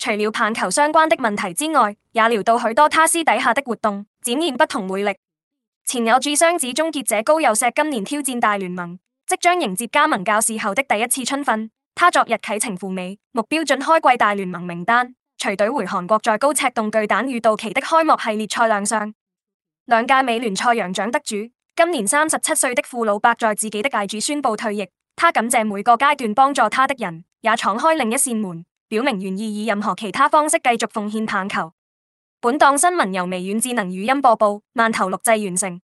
除了棒球相關的問題之外，也聊到許多他私底下的活動，展現不同魅力。前有雙子終結者高佑錫，今年挑戰大聯盟，即將迎接加盟教士後的第一次春訓。他昨日啟程赴美，目標准開季大聯盟名單。隨隊回韓國，在高尺洞巨蛋與道奇的開幕系列賽亮相。兩屆美聯賽揚獎得主，今年三十七歲的克魯伯在自己的界主宣布退役。他感謝每個階段幫助他的人，也闖開另一扇門。表明願意以任何其他方式繼續奉獻棒球。本檔新聞由微軟智能語音播報，饅頭錄製完成。